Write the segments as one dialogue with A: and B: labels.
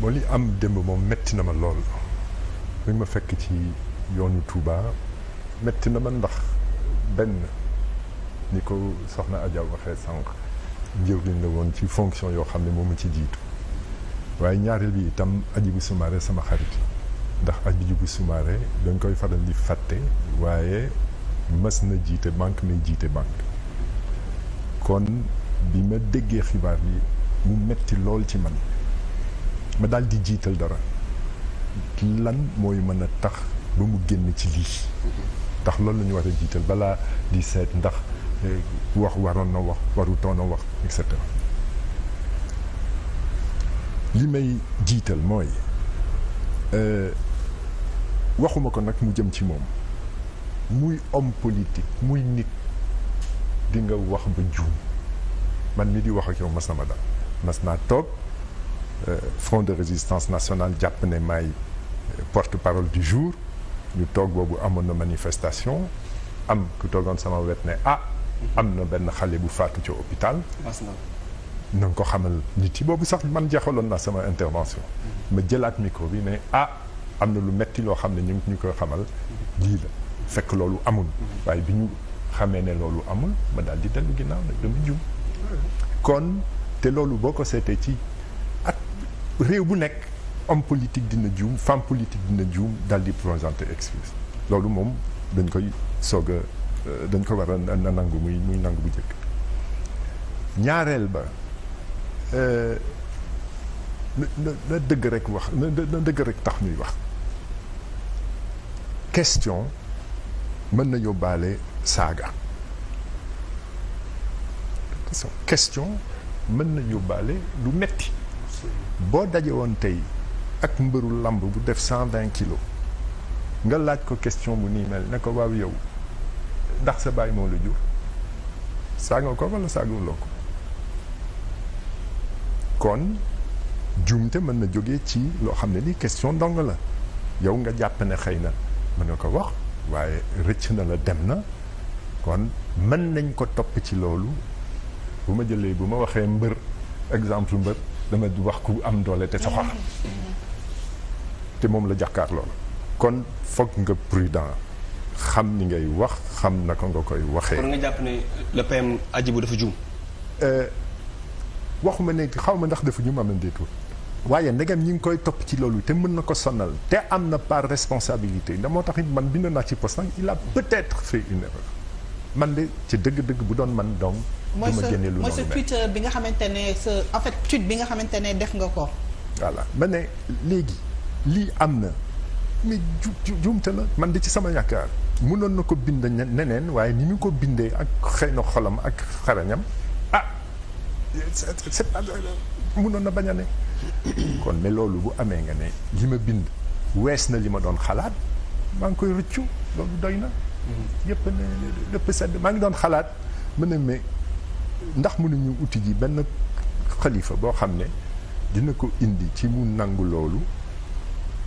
A: bon li am démb moom metti na ma lool bi ma fekk ci yoonu Touba metti na ma ndax benn ni ko soxna Adja waxee sànq njëriñ la woon ci fonction yoo xam ne moom ci jiitu waaye ñaareel bi itam Hadjibou Soumaré sama xarit ndax Hadjibou Soumaré dañ koy faral di fàtte waaye mas na jiite banque nay jiite banque kon bi ma déggee xibaar yi mu metti lool ci man ma daal di jiital dara lan mooy mën a tax ba mu génn ci lii ndax loolu la ñu war a jiital balaa di seet ndax eh, wax waroon na wax warutoon na wax et li may jiital mooy eh, waxuma ko nag mu jëm ci moom muy homme politique muy nit di nga wax ba juum man mi di wax ak yow mas na ma dal mas naa toog Euh, front de résistance nationale jàpp ne may euh, porte-parole du jour ñu toog boobu amoon na manifestation am ku toogoon sama wet ne ah mhm. am na benn xale bu faatu ci hôpital na nga ko xamal nit yi boobu sax man jeexaloon naa sama intervention mhm. ma jëlaat micro bi ne ah am na lu metti loo xam ne ñu ngi ñu koy xamal mhm. lii la fekk loolu amul waaye bi ñu xamee ne loolu amul ma daal di dellu ginnaaw nag dama jum kon te loolu boo ko seetee ci réew bu nekk homme politique dina juum femme politique dina juum daal di présenter excuse loolu moom dañ koy soog a euh, dañ ko war a nangu muy muy nangu bu njëkk ñaareel ba euh, na na dëgg rek wax na dëgg rek tax ñuy wax question mën na yóbbaale saaga question mën na yóbbaale lu metti boo dajee woon tey ak mbëru làmb bu def cent vingt kilo nga laaj ko question bu nii mel ne ko waaw yow ndax sa baay moo la jur saaga ko walla saagawuloo ko kon juumte mën na jóge ci loo xam ne ni question ndong la yow nga jàpp ne xëy na mën nga ko wax waaye rëcc na la dem na kon mën nañ ko topp ci loolu bu ma jëlee bu ma waxee mbër exemple mbër dama di wax ku am doole te soxor te moom la jàkkaar lool kon foog nga prudent xam ni ngay wax xam na naka nga koy waxee. kon nga jàpp ne le PM Hadjibou dafa juum. Euh, waxuma ne xaw ma ndax dafa juum am na déetul waaye ndegam ñi ngi koy topp ci loolu te mën na ko sonal te am na par responsabilité ndax moo tax it man bind naa ci poste il a peut-être fait une erreur man de ci dëgg-dëgg bu doon man donc. mooy sa mooy sa tweet bi nga xamante ne sa en fait bi nga xamante ne def nga ko. voilà ma ne léegi lii am na mais ju juumte la man di ci sama yaakaar mënoon na ko bind neneen waaye ni ñu ko bindee ak xëy na xolam ak xarañam ah c'est pas na bañ a ne kon loolu bu amee nga ne li ma bind wees na li ma doon xalaat maa ngi koy rëccu loolu doy na mm-hmm. yëpp ne lépp sedd maa ngi doon xalaat mën a mais ndax mënuñu uti ji benn xalifa boo xam ne dina ko indi ci mu nangu loolu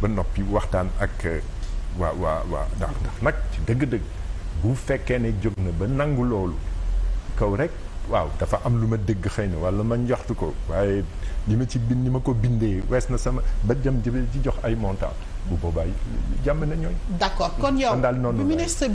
A: ba noppi waxtaan ak euh, waa waa waa ndax ndax nag ci dëgg-dëgg bu fekkee ne jóg na ba nangu loolu kaw rek waaw dafa am lu ma dégg xëy na wala ma njoxtu ko waaye li ma ci bind ni ma ko bindee wees na sama ba jëm ci jox ay montant bu boobaa jàmm na ñooy. d'accord kon yow daal noonu